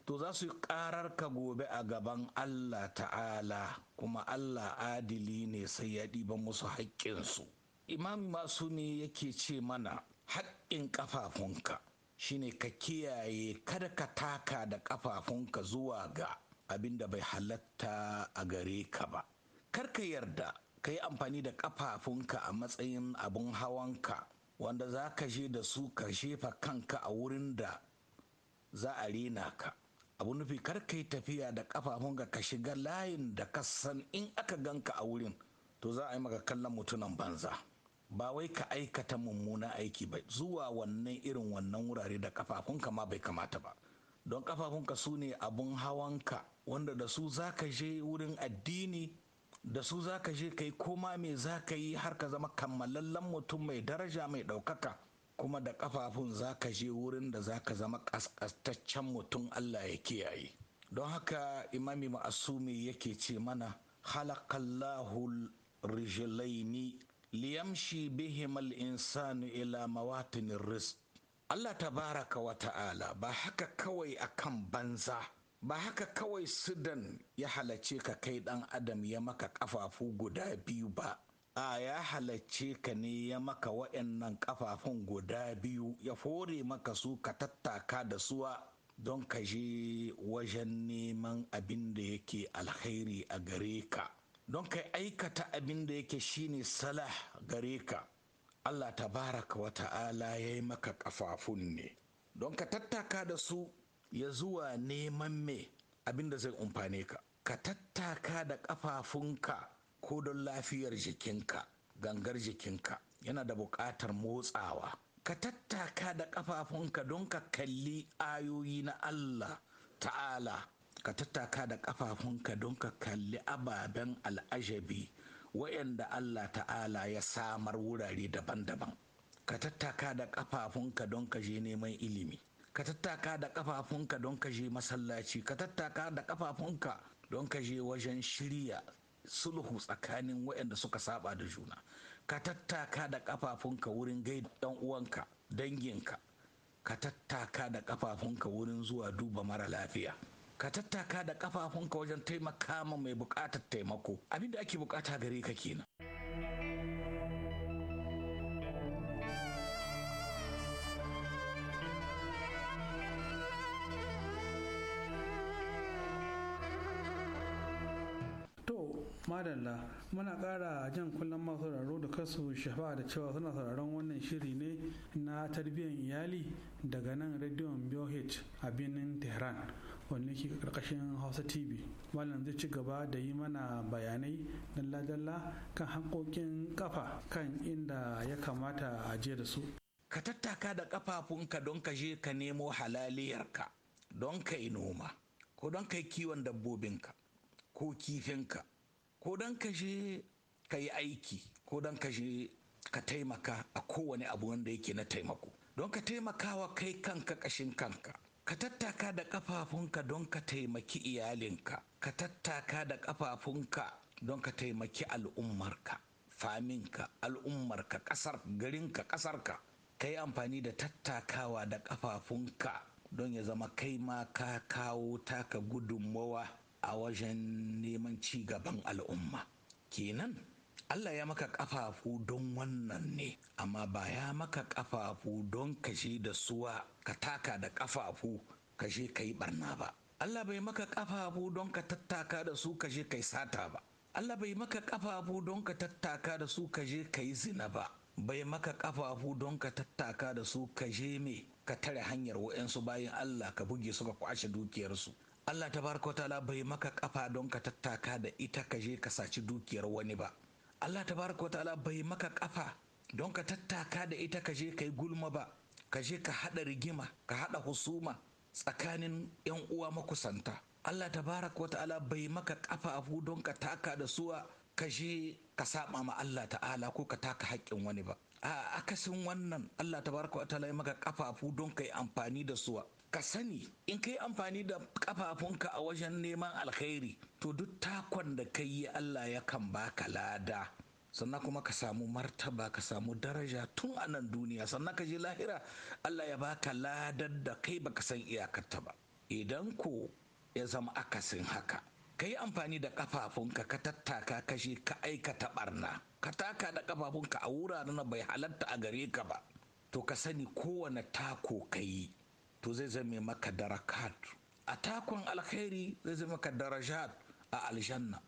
to za su karar ka gobe a gaban Allah ta'ala kuma Allah adili ne sai ya ɗiba musu haƙƙinsu imam masu ne yake ce mana haƙƙin ƙafafunka shine ka kiyaye kada ka taka da ƙafafunka zuwa ga abin da bai halatta a gare ka ba kar ka yarda ka yi amfani da ƙafafunka a matsayin abin hawanka wanda za ka je da su ka shefa kanka a wurin da za a rena ka abu nufi kar ka yi tafiya da kafafunka ka shiga layin da ka san in aka ganka a wurin to za a yi maka kallon mutunan banza ba wai ka aikata mummuna aiki ba zuwa wannan irin wannan wurare da kafafunka ma bai kamata ba don kafafunka su ne abun ka, wanda da su za ka je wurin addini da su za ka je ka yi koma me za ka yi har ka zama kammalallen mutum mai daraja mai ɗaukaka kuma da kafafun za ka je wurin da za ka zama ƙasƙastaccen mutum Allah ya kiyaye don haka imami ma'asumi yake ce mana halakallahu rijilaini liyamshi bihimal insanu ila mawatinin rizq Allah tabaraka wa ta'ala ba haka kawai akan banza ba haka kawai sidan ya halace ka kai dan adam ya maka kafafu guda biyu ba a ya halarce ka ne ya maka wa'annan kafafun guda biyu ya fore maka su ka tattaka da suwa don ka je wajen neman abin da yake alkhairi a gare ka don ka aikata abin da yake shine salah gare ka allah tabaraka wa ta'ala ya yi maka kafafun ne don ka tattaka da su ya zuwa neman me abin da zai umfane ka ka tattaka da kafafunka ko don lafiyar jikinka gangar jikinka yana da buƙatar motsawa ka tattaka da ƙafafunka don ka kalli ayoyi na Allah ta'ala ka tattaka da ƙafafunka don ka kalli ababen al'ajabi wa'yanda Allah ta'ala ya samar wurare daban-daban ka tattaka da ƙafafunka don ka je neman ilimi ka tattaka da ƙafafunka don ka je masallaci ka tattaka da ƙafafunka don ka je wajen shirya sulhu tsakanin waɗanda suka saba da juna ka tattaka da kafafunka wurin gai dan uwanka danginka ka tattaka da kafafunka wurin zuwa duba mara lafiya ka tattaka da kafafunka wajen taimaka ma mai buƙatar taimako abinda ake buƙata gare ka kenan madalla muna ƙara jan kullum masu sauraro da kasu shafa da cewa suna sauraron wannan shiri ne na tarbiyyar iyali daga nan rediyon biohit a birnin Tehran wanda ke ƙarƙashin Hausa TV. wannan zai ci gaba da yi mana bayanai dalla-dalla kan hankokin kafa kan inda ya kamata a je da su. Ka tattaka da kafafunka don ka je ka nemo halaliyarka don ka yi noma ko don ka yi kiwon dabbobinka ko kifinka ko don ka je ka yi aiki ko don ka je ka taimaka a kowane abu wanda yake na taimako don ka taimakawa kai kanka kashin kanka ka tattaka da kafafunka don ka taimaki iyalinka ka tattaka da kafafunka don ka taimaki al'ummarka faminka al'ummarka kasar garinka kasarka ka yi amfani da tattakawa da kafafunka don ya zama kai ma ka kawo taka gudunmawa a wajen neman ci gaban al'umma kenan Allah ya maka ƙafafu don wannan ne, amma ba ya maka ƙafafu don kashe da suwa ka taka da ƙafafu kashe ka yi barna ba. Allah bai maka ƙafafu don ka tattaka da su kashe ka yi sata ba. Allah bai maka ƙafafu don ka tattaka da su kashe ka yi zina ba. Bai maka ƙafafu don ka tattaka da su kashe me ka tare hanyar wa'yansu bayan Allah ka buge su ka kwashe dukiyarsu. Allah ta baraka ta'ala bai maka kafa don ka tattaka da ita ka je ka saci dukiyar wani ba Allah ta baraka ta'ala bai maka kafa don ka tattaka da ita ka je ka yi gulma ba ka je ka haɗa rigima ka haɗa husuma tsakanin 'yan uwa makusanta Allah Ta tabaraka ta'ala bai maka kafa abu don ka taka da suwa ka je ka saba ma Allah ta'ala ko ka taka haƙƙin wani ba A'a, akasin wannan Allah tabaraka ta'ala ya maka kafa abu don ka yi amfani da suwa ka sani in kai amfani da kafafunka a wajen neman alkhairi to duk takon da ka yi Allah yakan baka lada sannan kuma ka samu martaba ka samu daraja tun a nan duniya sannan ka je lahira Allah ya baka ladar da kai baka san iyakarta ba idan ko ya zama akasin haka ka yi amfani da kafafunka ka tattaka ka je ka aikata barna ka taka da kafafunka a wuraren bai halatta a gare ka ba to ka sani kowane tako ka yi to zai zame maka darakat a takon alkhairi zai zame maka darajat a aljanna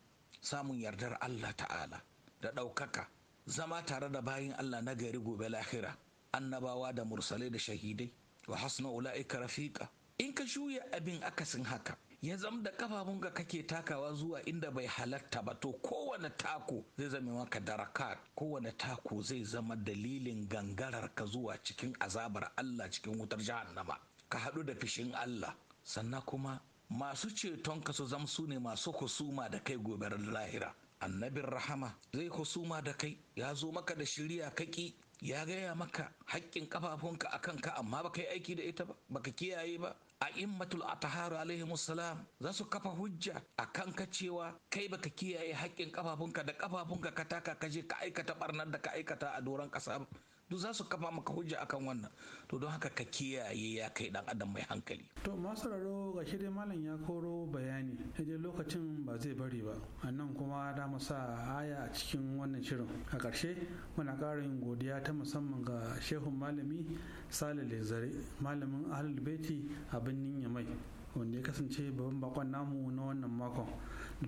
samun yardar Allah ta'ala da ɗaukaka zama tare da bayin Allah na gari gobe lahira annabawa da mursalai da shahidai wa hasna ula'ika rafiqa in ka shuya abin akasin haka ya zam da kafafun ga kake takawa zuwa inda bai halatta ba to kowane tako zai zama maka darakat kowane tako zai zama dalilin gangarar ka zuwa cikin azabar Allah cikin wutar jahannama ka haɗu da fishin Allah sannan kuma masu ceton ka su zam su ne masu husuma da kai gobe lahira annabin rahama zai husuma da kai ya zo maka da shirya kaki ya gaya maka haƙƙin ƙafafunka a kanka amma baka yi aiki da ita ba ba ka kiyaye ba a immatul ataharu alaihi musalam za su kafa hujja a kanka cewa kai baka kiyaye haƙƙin ƙafafunka da kafafunka ka taka ka je ka aikata ɓarnar da ka aikata a doron ƙasa duk za su kafa maka hujja akan wannan to don haka ka kiyaye ya kai dan adam mai hankali to masu raro ga shirin malam ya koro bayani sai lokacin ba zai bari ba annan kuma da mu sa aya a cikin wannan shirin a ƙarshe muna ƙarin godiya ta musamman ga shehun malami salih lezare malamin ahlul beti a birnin yamai wanda ya kasance babban bakon namu na wannan makon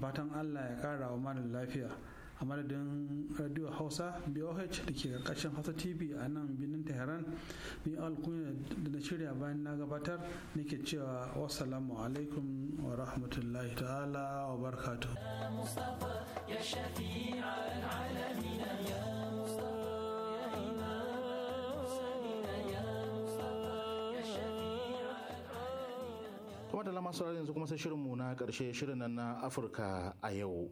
fatan allah ya ƙara wa malam lafiya a madadin radio hausa boh da ke karkashin hausa tv a nan birnin tehran ni alkunya da na shirya bayan na gabatar nake cewa wassalamu alaikum wa rahmatullahi ta'ala wa barkatu. kuma da lama yanzu kuma sai shirinmu na ƙarshe shirin nan na afirka a yau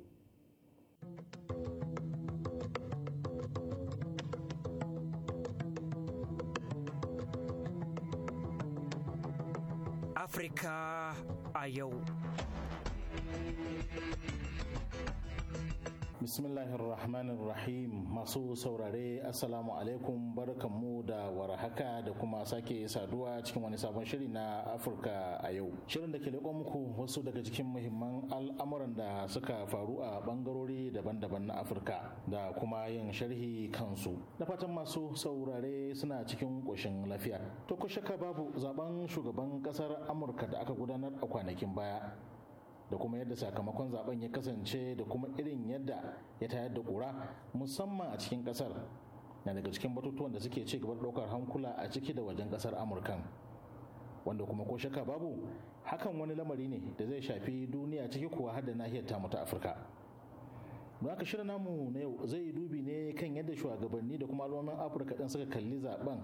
Afirka a yau. rahim masu saurare Assalamu alaikum barkanmu da warhaka da kuma sake saduwa cikin wani sabon shiri na Afirka a yau. Shirin da ke leƙo muku wasu daga cikin muhimman al'amuran da suka faru a bangarori daban-daban na Afirka da kuma yin sharhi kansu. na fatan masu saurare suna cikin ƙoshin lafiya. To ku shaka babu zaben shugaban ƙasar Amurka da aka gudanar a kwanakin baya da kuma yadda sakamakon zaben ya kasance da kuma irin yadda ya tayar da kura musamman a cikin kasar na daga cikin batutuwan da suke ci gaba ɗaukar hankula a ciki da wajen kasar amurkan wanda kuma ko shaka babu hakan wani lamari ne da zai shafi duniya ciki kuwa har da nahiyar tamu ta afirka haka shirin namu na yau zai dubi ne kan yadda shugabanni da kuma al'ummar afirka ɗin suka kalli zaben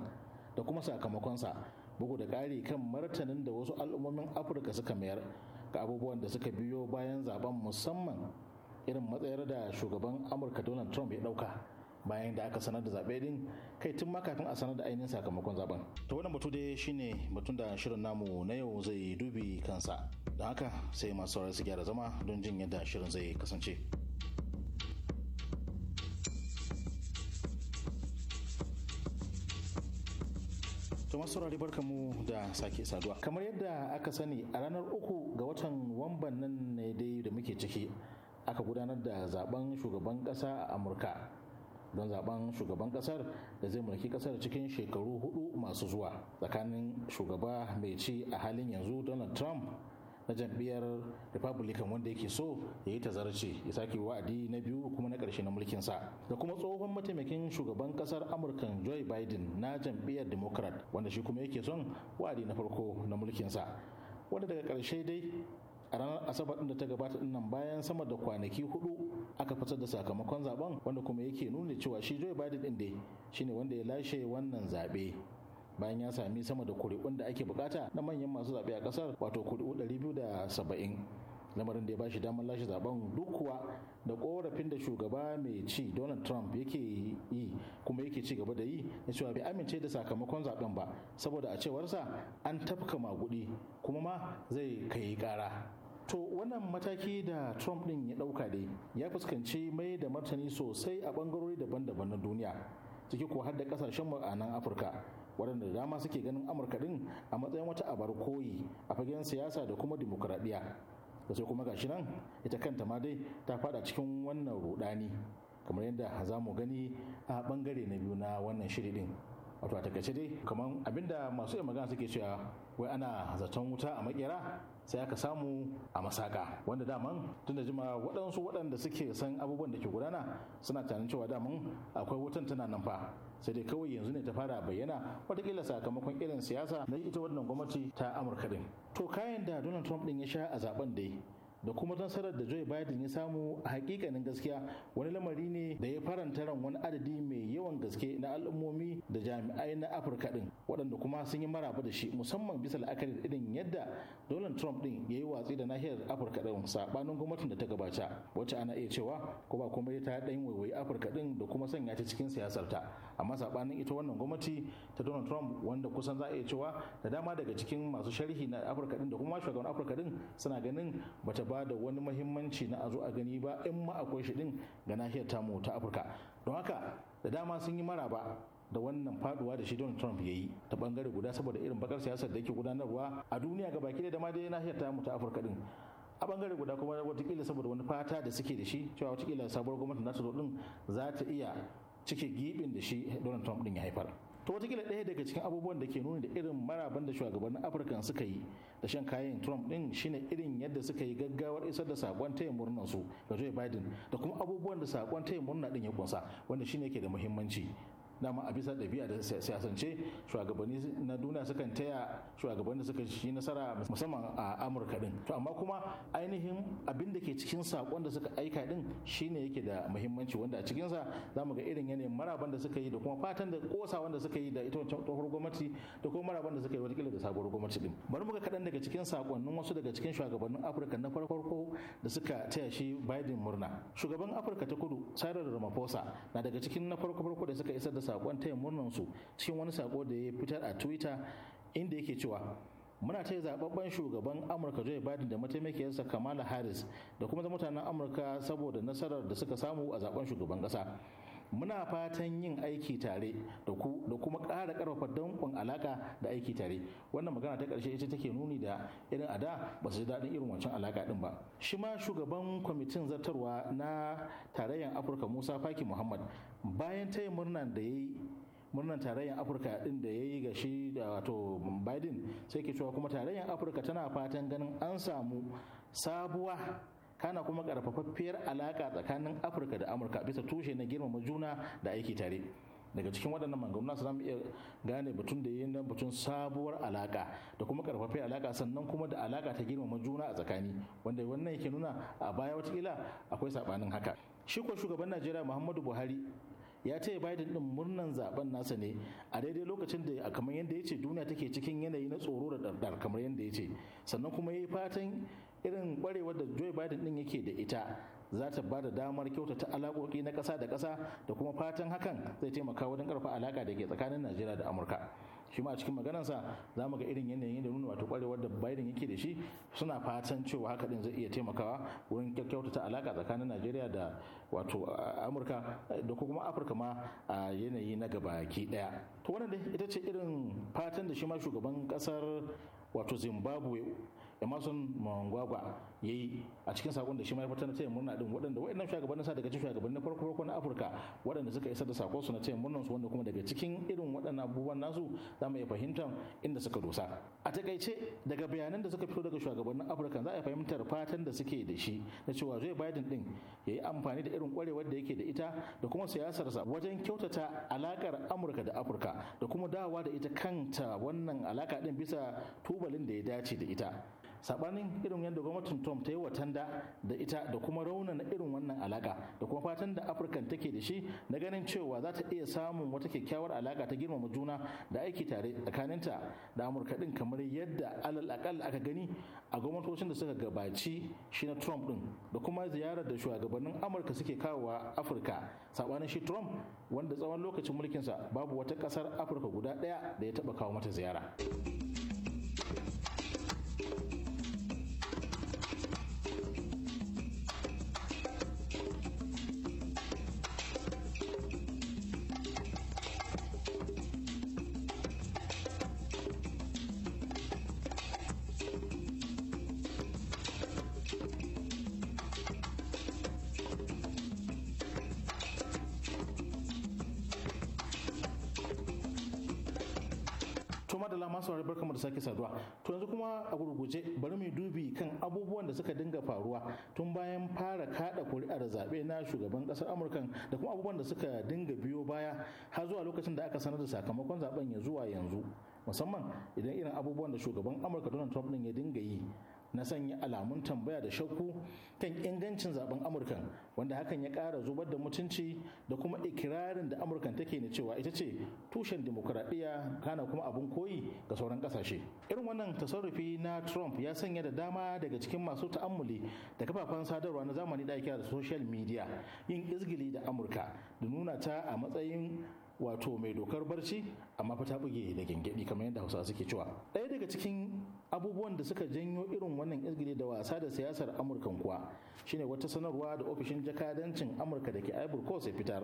da kuma sakamakonsa bugu da ƙari kan martanin da wasu al'ummomin afirka suka mayar ga abubuwan da suka biyo bayan zaben musamman irin matsayar da shugaban amurka donald trump ya dauka bayan da aka sanar da zaɓe din kai tun ma kafin a sanar da ainihin sakamakon zaben to wannan batu dai shine batun da shirin namu na yau zai dubi kansa don haka sai masu saurari su gyara zama don jin yadda shirin zai kasance. masu saurari barka mu da sake saduwa kamar yadda aka sani a ranar uku ga watan wamban nan ne dai da muke ciki aka gudanar da zaben shugaban kasa a amurka don zaben shugaban kasar da zai mulki kasar cikin shekaru hudu masu zuwa tsakanin shugaba mai ci a halin yanzu donald trump na jam'iyyar republican wanda yake so ya yi tazarce ya sake wa'adi na biyu kuma na ƙarshe na mulkin sa? da kuma tsohon mataimakin shugaban kasar amurka joe biden na jam'iyyar democrat wanda shi kuma yake son wa'adi na farko na mulkin sa? wanda daga ƙarshe dai a ranar asabar da ta gabata dinnan bayan sama da kwanaki hudu aka fitar da sakamakon zaben wanda kuma yake nuna cewa shi joe biden din dai shine wanda ya lashe wannan zabe bayan ya sami sama da kuri'un da ake bukata na manyan masu zaɓe a ƙasar wato kuri'u da 270 lamarin da ya bashi damar lashe zaben duk kuwa da korafin da shugaba mai ci donald trump yake yi kuma yake ci gaba da yi na cewa bai amince da sakamakon zaben ba saboda a cewarsa an tafka magudi kuma ma zai kai kara to wannan mataki da trump din ya dauka dai ya fuskanci mai da martani sosai a bangarori daban-daban na duniya ciki ko har da kasashen mu a nan afirka waɗanda da dama suke ganin amurka din a matsayin wata abar koyi a fagen siyasa da kuma dimokuraɗiyya da sai kuma gashi nan ita kanta ma dai ta fada cikin wannan rudani kamar yadda za mu gani a bangare na biyu na wannan shiri din wato a takaice dai kamar abinda masu yin magana suke cewa wai ana zaton wuta a makera sai aka samu a masaka wanda daman tun da jima waɗansu waɗanda suke san abubuwan da ke gudana suna tunanin cewa daman akwai wutan tana nan fa sai dai kawai yanzu ne ta fara bayyana watakila sakamakon irin siyasa na ita wannan gwamnati ta amurka din to kayan da donald trump din ya sha a zaben dai da kuma nasarar da Joe Biden ya samu a hakikanin gaskiya wani lamari ne da ya faranta ran wani adadi mai yawan gaske na al'ummomi da jami'ai na Afirka din waɗanda kuma sun yi maraba da shi musamman bisa la'akari da irin yadda Donald Trump din ya yi watsi da nahiyar Afirka din sabanin gwamnatin da ta gabata wacce ana iya cewa ko ba kuma ta yin waiwayi Afirka din da kuma sanya ta cikin siyasar ta amma sabanin ita wannan gwamnati ta Donald Trump wanda kusan za a iya cewa da dama daga cikin masu sharhi na Afirka din da kuma shugaban Afirka din suna ganin bata ba da wani mahimmanci na a zo a gani ba in ma akwai shi din ga nahiyar tamu ta afirka don haka da dama sun yi maraba da wannan faduwa da shi Donald Trump ya yi ta bangare guda saboda irin bakar siyasar da yake gudanarwa a duniya ga baki da ma dai nahiyar tamu ta afirka din a bangare guda kuma watakila saboda wani fata da suke da shi cewa watakila sabuwar gwamnati nasu din za ta iya cike gibin da shi Donald Trump din ya haifar. to watakila ɗaya daga cikin abubuwan da ke nuni da irin maraban da shugabannin afirka suka yi da shan kayan trump ɗin shine irin yadda suka yi gaggawar isar da sakon taya murnar su ga joe biden da kuma abubuwan da sakon taya murna ɗin ya kunsa wanda shine ke da muhimmanci dama a bisa ɗabi'a da siyasance shugabanni na duniya sukan taya shugabanni suka shi nasara musamman a amurka din to amma kuma ainihin abin da ke cikin sakon da suka aika din shine yake da muhimmanci wanda a cikinsa za mu ga irin yanayin maraban da suka yi da kuma fatan da kosa wanda suka yi da ita wancan tsohuwar gwamnati da kuma maraban da suka yi watakila da sabuwar gwamnati din bari ga kaɗan daga cikin sakonnin wasu daga cikin shugabannin afirka na farko da suka taya shi biden murna shugaban afirka ta kudu sarar ramaphosa na daga cikin na farko farko da suka isar da sakon taya murnan su cikin wani sako da ya fitar a twitter inda yake cewa muna taya zaɓaɓɓen shugaban amurka joe biden da mataimakiyarsa kamala harris da kuma mutanen amurka saboda nasarar da suka samu a zaɓen shugaban ƙasa. muna fatan yin aiki tare da kuma ƙara ƙarfafa danƙon alaƙa da aiki tare wannan magana ta ƙarshe ita take nuni da irin ada ba su ji daɗin irin wancan alaƙa ɗin ba shi ma shugaban kwamitin zartarwa na tarayyar afirka musa faki muhammad bayan ta yi murnan da ya yi murnan tarayyar afirka din da ya yi ga shi da wato biden sai ke cewa kuma tarayyar afirka tana fatan ganin an samu sabuwa kana kuma karfafaffiyar alaka tsakanin afirka da amurka bisa tushe na girmama juna da aiki tare daga cikin waɗannan mangauna su zamu iya gane batun da yin batun sabuwar alaka da kuma karfafe alaka sannan kuma da alaka ta girmama juna a tsakani wanda wannan yake nuna a baya watakila akwai saɓanin haka shi ko shugaban najeriya muhammadu buhari ya ce biden din murnan zaben nasa ne a daidai lokacin da kamar yadda ya ce duniya take cikin yanayi na tsoro da dardar kamar yadda ya ce sannan kuma ya yi fatan irin kwarewar da joe biden din yake da ita za ta ba da damar kyautata alaƙoƙi na ƙasa da ƙasa da kuma fatan hakan zai taimaka wajen ƙarfa alaƙa da ke tsakanin najeriya da amurka shi ma a cikin maganarsa za mu ga irin yanayin da nuna wato kwarewar da biden yake da shi suna fatan cewa haka din zai iya taimakawa wurin kyautata alaƙa tsakanin najeriya da wato amurka da kuma afirka ma a yanayi na gaba ki ɗaya to wannan dai ita ce irin fatan da shi ma shugaban ƙasar wato zimbabwe emerson mangwagwa ya yi a cikin sakon da shi ma ya fitar na taya murna din waɗanda waɗannan shugabannin sa daga cikin shugabannin farko farko na afirka waɗanda suka isa da sakon su na taya murnan su wanda kuma daga cikin irin waɗannan abubuwan nasu za mu iya fahimtar inda suka dosa a takaice daga bayanan da suka fito daga shugabannin afirka za a fahimtar fatan da suke da shi na cewa joe biden din ya yi amfani da irin kwarewar da yake da ita da kuma siyasarsa wajen kyautata alakar amurka da afirka da kuma dawa da ita kanta wannan alaka din bisa tubalin da ya dace da ita sabanin irin yadda gwamnatin trump ta yi watanda da ita da kuma na irin wannan alaka da kuma fatan da afirkan take da shi na ganin cewa za ta iya samun wata kyakkyawar alaka ta girmama juna da aiki tare tsakaninta da amurka din kamar yadda alal akal aka gani a gwamnatocin da suka gabaci shi na trump din da kuma ziyarar da shugabannin amurka suke kawowa afirka sabanin shi trump wanda tsawon lokacin mulkinsa babu wata kasar afirka guda ɗaya da ya taɓa kawo mata ziyara. saurari barka mu da sake saduwa to yanzu kuma a gurguje bari mu dubi kan abubuwan da suka dinga faruwa tun bayan fara kada kuri'ar zaɓe na shugaban ƙasar amurka da kuma abubuwan da suka dinga biyo baya har zuwa lokacin da aka sanar da sakamakon zaɓen ya zuwa yanzu musamman idan irin abubuwan da shugaban amurka donald trump din ya dinga yi na sanya alamun tambaya da shakku kan ingancin zaben amurkan wanda hakan ya kara zubar da mutunci da kuma ikirarin da amurkan take na cewa ita ce tushen demokuraɗiyya kana kuma abin koyi ga sauran ƙasashe irin wannan tasarrufi na trump ya sanya da dama daga cikin masu ta'ammuli da kafafen sadarwa na zamani da kira da social media yin izgili da amurka da nuna ta a matsayin wato mai dokar barci amma fa ta buge da gengedi kamar yadda hausawa suke cewa ɗaya daga cikin abubuwan da suka janyo irin wannan izgili da wasa da siyasar amurkan kuwa shine wata sanarwa da ofishin jakadancin amurka da ke ivory coast ya fitar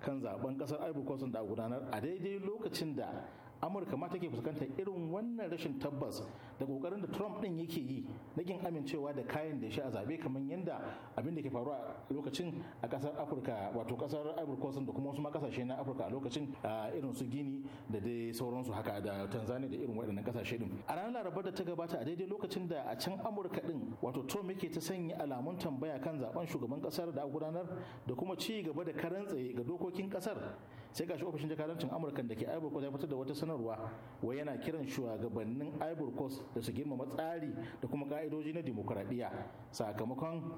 kan zaben kasar ivory coast da gudanar a daidai lokacin da amurka ma take fuskantar irin wannan rashin tabbas da kokarin da trump din yake yi na kin amincewa da kayan da shi a zabe kamar yadda abin da ke faruwa a lokacin a kasar afirka wato kasar afirka da kuma wasu kasashe na afirka a lokacin irin su gini da dai sauransu haka da tanzania da irin waɗannan kasashe din a ranar larabar da ta gabata a daidai lokacin da a can amurka din wato trump yake ta sanya alamun tambaya kan zaben shugaban kasar da a gudanar da kuma ci gaba da karan tsaye ga dokokin kasar sai shi ofishin jakadancin amurka da ke ivory coast ya fitar da wata sanarwa wai yana kiran shugabannin ivory coast da su girmama tsari da kuma ka'idoji na dimokuraɗiyya sakamakon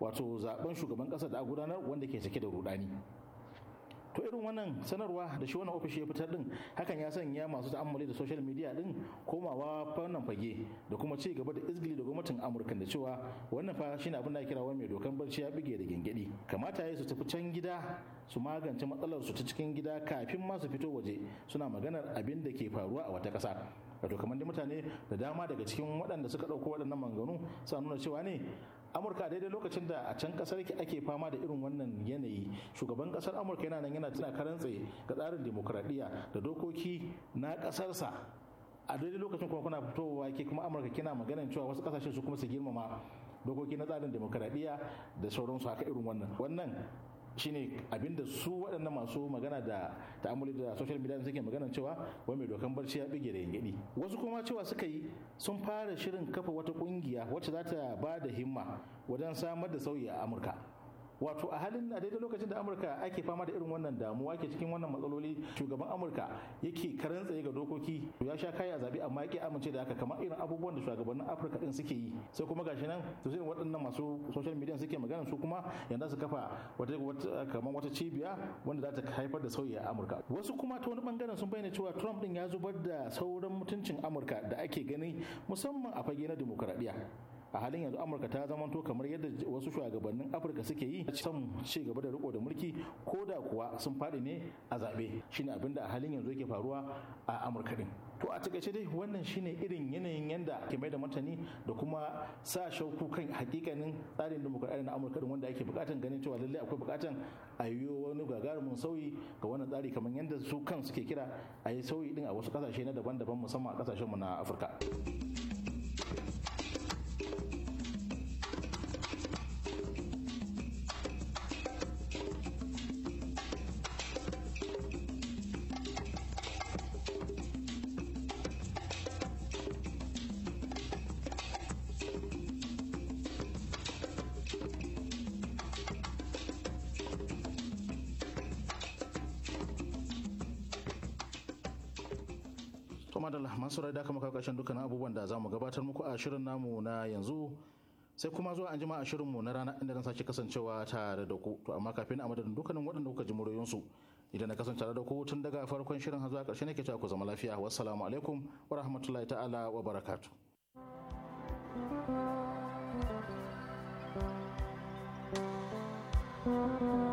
wato zaben shugaban ƙasa da a gudanar wanda ke cike da rudani to irin wannan sanarwa da shi wannan ofishi ya fitar din hakan ya sanya masu ta'ammali da social media din komawa fannin fage da kuma ci gaba da izgili da gwamnatin amurka da cewa wannan fa shine abin da kira wani mai dokan barci ya bige da gengedi kamata ya su tafi can gida su magance matsalar su ta cikin gida kafin ma su fito waje suna maganar abin da ke faruwa a wata ƙasa wato kamar da mutane da dama daga cikin waɗanda suka ɗauko waɗannan manganu suna nuna cewa ne amurka daidai lokacin da a can kasar ake fama da irin wannan yanayi shugaban kasar amurka yana nan yana tana karantse ga tsarin demokradiyya da dokoki na kasarsa a daidai lokacin kuma kuna fitowa ke kuma amurka kina magana cewa wasu kasashe su kuma su girmama dokoki na tsarin demokradiyya da sauransu haka irin wannan wannan shine abinda su waɗannan masu magana da ta'amuli da social media suke magana cewa wai mai dokan barci ya bige da yangadi wasu kuma cewa suka yi sun fara shirin kafa wata kungiya wacce za ta ba himma wajen samar da sauyi a Amurka wato a halin a daidai lokacin da amurka ake fama da irin wannan damuwa ke cikin wannan matsaloli shugaban amurka yake karan tsaye ga dokoki ya sha kai a zabi amma yake amince da haka kamar irin abubuwan da shugabannin afirka din suke yi sai kuma gashi nan to sai waɗannan masu social media suke magana su kuma yanzu su kafa wata kamar wata cibiya wanda za ta haifar da sauyi a amurka wasu kuma ta wani bangaren sun bayyana cewa trump din ya zubar da sauran mutuncin amurka da ake gani musamman a fage na dimokuraɗiyya a halin yanzu amurka ta zamanta kamar yadda wasu shugabannin afirka suke yi a son ci gaba da riko da mulki ko da kuwa sun faɗi ne a zaɓe shine abin da a halin yanzu yake faruwa a amurka din to a takaice dai wannan shine irin yanayin yanda ke mai da martani da kuma sa shauku kan hakikanin tsarin dimokuraɗiyya na amurka din wanda ake bukatan ganin cewa lallai akwai bukatan a yi wani gagarumin sauyi ga wannan tsari kamar yanda su kan suke kira a yi sauyi din a wasu kasashe na daban-daban musamman a kasashenmu na afirka. ƙarshen dukkanin abubuwan da za mu gabatar muku a shirin namu na yanzu sai kuma zuwa an jima a mu na rana inda zan sake kasancewa tare da ku to amma kafin a madadin dukkanin waɗanda kuka ji su idan na kasance tare da ku tun daga farkon shirin har zuwa ƙarshe nake cewa ku zama lafiya wassalamu alaikum wa rahmatullahi ta'ala wa barakatu. thank you